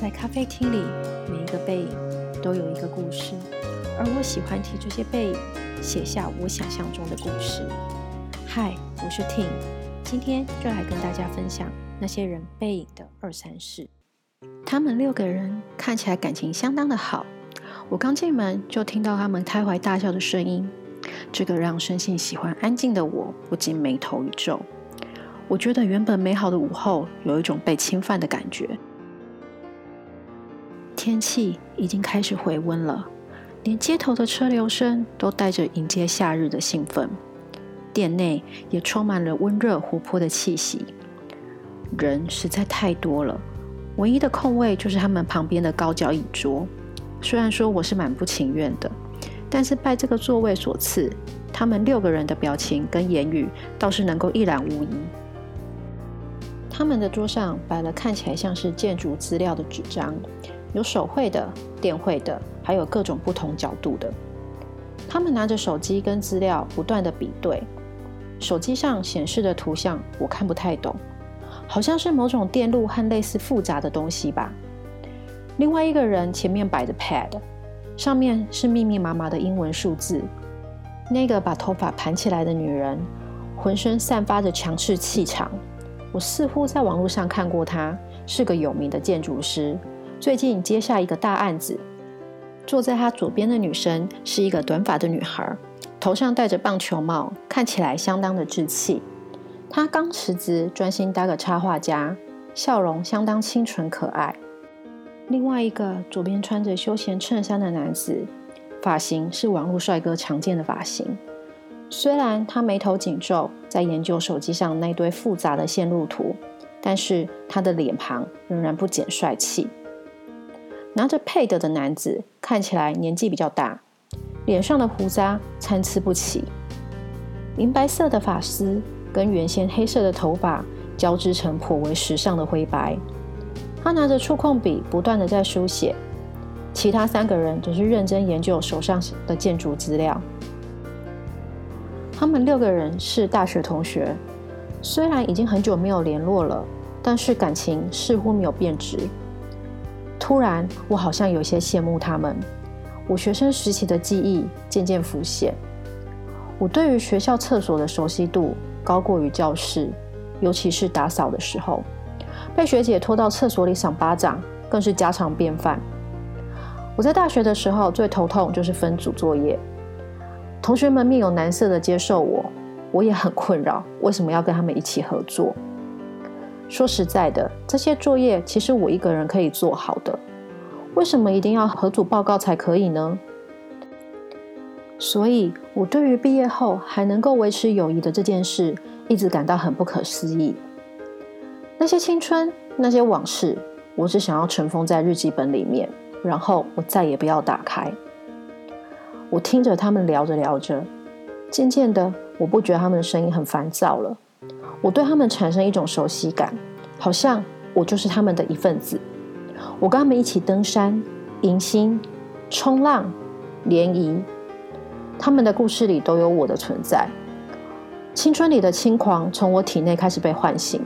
在咖啡廳裡，每一個背影都有一個故事，而我喜歡替這些背影寫下我想象中的故事。嗨，我是婷，今天就來跟大家分享那些人背影的二三事。他們六個人看起來感情相當的好，我剛進門就聽到他們開懷大笑的聲音，這個讓生性喜歡安靜的我不禁眉頭一皺，我覺得原本美好的午後有一種被侵犯的感覺。天氣已經開始回溫了，連街頭的車流聲都帶着迎接夏日的興奮。店內也充滿了溫熱、活潑的氣息。人實在太多了，唯一的空位就是他們旁邊的高腳椅桌。雖然說我是蠻不情願的，但是拜這個座位所賜，他們六個人的表情跟言語倒是能夠一覽無遺。他們的桌上擺了看起來像是建築資料的紙張。有手繪的、電繪的，還有各種不同角度的。他們拿着手機跟資料不斷的比對，手機上顯示的圖像我看不太懂，好像是某種電路和類似複雜的東西吧。另外一個人前面擺着 pad，上面是密密麻麻的英文數字。那個把頭髮盤起來的女人，渾身散發着強勢氣場。我似乎在網絡上看過她，是個有名的建築師。最近接下一個大案子。坐在他左邊的女生是一個短髮的女孩，頭上戴着棒球帽，看起來相當的稚氣。她剛辭職，專心當個插畫家，笑容相當清純可愛。另外一個左邊穿着休閒襯衫的男子，髮型是網絡帥哥常見的髮型。雖然他眉頭緊皺，在研究手機上那堆複雜的線路圖，但是他的臉龐仍然不減帥氣。拿着 Pad 的男子看起來年紀比較大，臉上的鬍渣參差不齊，銀白色的髮絲跟原先黑色的頭髮交織成頗為時尚的灰白。他拿着觸控筆不斷地在書寫，其他三個人則是認真研究手上的建築資料。他們六個人是大學同學，雖然已經很久沒有聯絡了，但是感情似乎沒有變質。突然，我好像有些羨慕他們。我學生時期的記憶漸漸浮現。我對於學校廁所的熟悉度高過於教室，尤其是打掃的時候，被學姐拖到廁所裡賞巴掌更是家常便飯。我在大學的時候最頭痛就是分組作業，同學們面有難色的接受我，我也很困擾，為什麼要跟他們一起合作？說實在的，這些作業其實我一個人可以做好的，為什麼一定要合組報告才可以呢？所以我對於畢業後還能夠維持友誼的這件事，一直感到很不可思議。那些青春，那些往事，我只想要塵封在日記本裡面，然後我再也不要打開。我聽着他們聊着聊着，漸漸的，我不覺得他們的聲音很煩躁了。我對他們產生一種熟悉感，好像我就是他們的一份子。我跟他們一起登山、迎新、衝浪、聯誼，他們的故事裡都有我的存在。青春裡的輕狂從我體內開始被喚醒，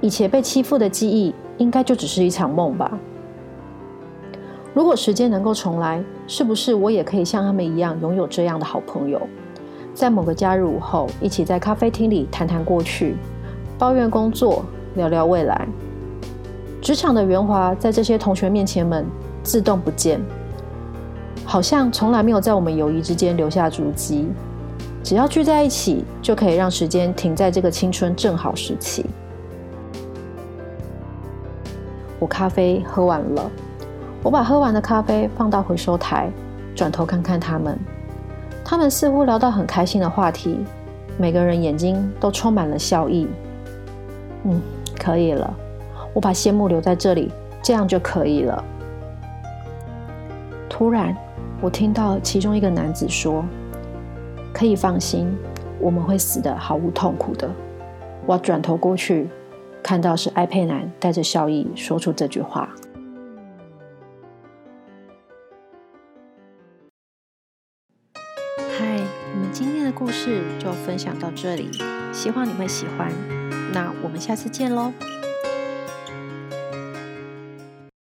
以前被欺負的記憶應該就只是一場夢吧。如果時間能夠重來，是不是我也可以像他們一樣擁有這樣的好朋友？在某個假日午後，一起在咖啡廳裡談談過去，抱怨工作，聊聊未來。職場的圓滑在這些同學面前們自動不見，好像從來沒有在我們友誼之間留下足跡。只要聚在一起，就可以讓時間停在這個青春正好時期。我咖啡喝完了，我把喝完的咖啡放到回收台，轉頭看看他們。他們似乎聊到很開心的話題，每個人眼睛都充滿了笑意。嗯，可以了，我把羨慕留在這裡，這樣就可以了。突然，我聽到其中一個男子說：“可以放心，我們會死得毫無痛苦的。”我轉頭過去，看到是矮胖男帶着笑意說出這句話。今天的故事就分享到這裡，希望你會喜歡。那我們下次見嘍。